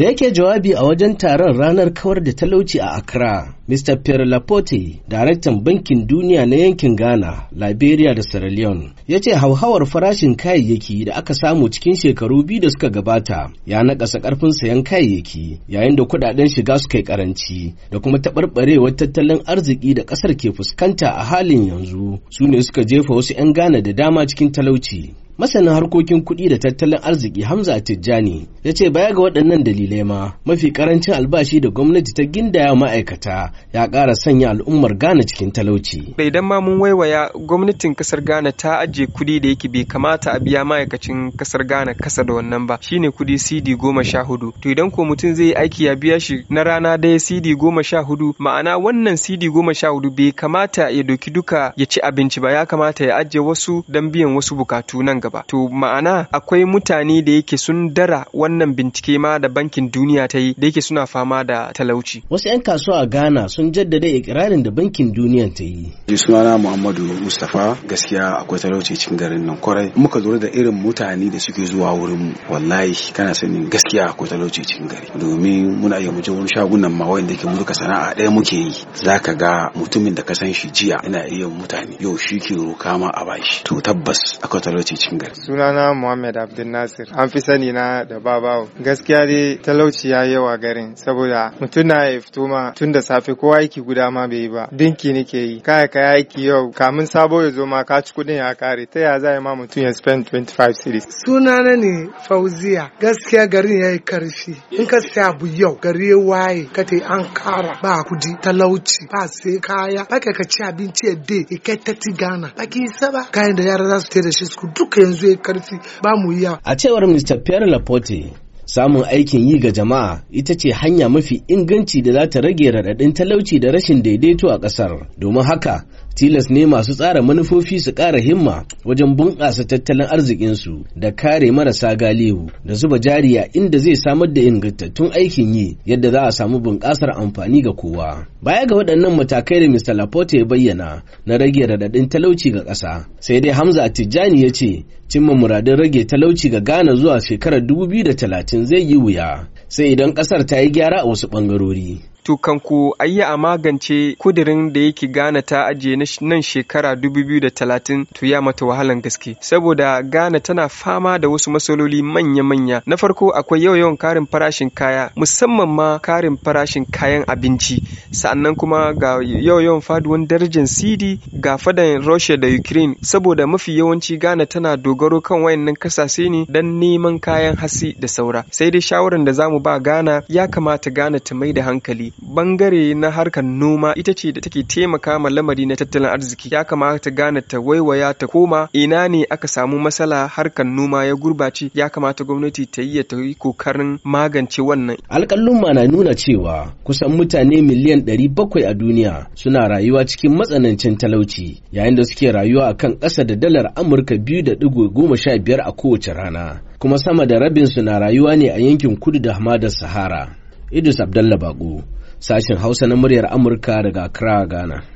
Da yake jawabi a wajen taron ranar kawar da talauci a Accra, Mr. Pierre Laporte, daraktan Bankin Duniya na yankin Ghana, Liberia da Sierra Leone, ya ce hauhawar farashin kayayyaki da aka samu cikin shekaru biyu da suka gabata ya naƙasa ƙarfin sayan kayayyaki yayin da kuɗaɗen shiga suka yi ƙaranci da kuma taɓarɓarewar tattalin arziki da ƙasar ke fuskanta a halin yanzu su ne suka jefa wasu 'yan Ghana da dama cikin talauci. masanin harkokin kuɗi da tattalin arziki hamza tijjani ya ce baya ga waɗannan dalilai ma mafi karancin albashi da gwamnati ta gindaya ma'aikata ya ƙara sanya al'ummar ghana cikin talauci idan ma mun waiwaya gwamnatin kasar ghana ta ajiye kuɗi da yake bai kamata a biya ma'aikacin kasar ghana kasa da wannan ba shine kuɗi cd goma sha hudu to idan ko mutum zai yi aiki ya biya shi na rana daya cd goma sha hudu ma'ana wannan cd goma sha hudu bai kamata ya doki duka ya ci abinci ba ya kamata ya ajiye wasu don biyan wasu bukatu nan gaba gaba to ma'ana akwai mutane da yake sun dara wannan bincike ma da bankin duniya ta yi da yake suna fama da talauci wasu 'yan kasuwa a ghana sun jaddada ikirarin da bankin duniya ta yi sunana muhammadu mustapha gaskiya akwai talauci cikin garin nan kwarai muka zo da irin mutane da suke zuwa wurin wallahi kana sanin gaskiya akwai talauci cikin gari domin muna iya mu je wani shagunan ma wanda yake muka sana'a ɗaya muke yi zaka ga mutumin da ka san shi jiya Ina iya mutane yau shi ke roka ma a bashi to tabbas akwai talauci cikin gari. Sunana Muhammad Abdul Nasir. An fi sani na da babawo. Gaskiya dai talauci ya yawa garin saboda mutum na ya fito ma tun da safe kowa aiki guda ma bai yi ba. Dinki nake yi. Kaya yi aiki yau kamin sabo ya zo ma ka ci kuɗin ya kare. Ta ya za ma mutum ya spend 25 cities. Sunana ne Fauziya. Gaskiya garin ya yi karfi. In ka siya abu yau gari ya waye ka ta an kara ba kudi talauci ba sai kaya. Ba ka ci abinci ya de, ya kai ta gana. Ba ki saba. Kayan da yara za su ta da shi su duka yanzu ya karfi ba mu iya. A cewar Mr. Pierre Laporte, samun aikin yi ga jama'a ita ce hanya mafi inganci da za ta rage raɗaɗin talauci da rashin daidaito a ƙasar. Domin haka, tilas ne masu tsara manufofi su ƙara himma wajen bunƙasa tattalin arzikinsu da kare marasa galihu da zuba jari a inda zai samar da ingantattun aikin yi yadda za a samu bunƙasar amfani ga kowa. Baya ga waɗannan matakai da Mr. Laporte ya bayyana na rage raɗaɗin talauci ga ƙasa. Sai dai Hamza Tijjani ya ce cimma muradin rage talauci ga Ghana zuwa shekarar 2030 zai yi wuya sai idan ƙasar ta yi gyara a wasu ɓangarori. tukanku ku ayi a magance kudirin da yake gana ta ajiye nan shekara 2030 to ya mata wahalan gaske saboda gana tana fama da wasu matsaloli manya-manya na farko akwai yau yawan karin farashin kaya musamman ma karin farashin kayan abinci sannan kuma ga yau yawan faduwan darajar CD ga fadan Russia da Ukraine saboda mafi yawanci gana tana dogaro kan wayannan kasashe ne don neman kayan hasi da saura sai dai shawaran da zamu ba Ghana ya kamata gana ta mai da hankali bangare na harkar noma ita ce da take taimaka ma lamari na tattalin arziki ya kamata gane ta waiwaya ta koma ina ne aka samu matsala harkar noma ya gurbace ya kamata gwamnati ta yi ta yi kokarin magance wannan ma na nuna cewa kusan mutane miliyan 700 a duniya suna rayuwa cikin matsanancin talauci yayin da suke rayuwa a kan ƙasa da dalar amurka biyu da goma sha biyar a kowace rana kuma sama da rabinsu na rayuwa ne a yankin kudu da hamadar sahara idris abdallah bako sashen hausa na muryar amurka daga accra ghana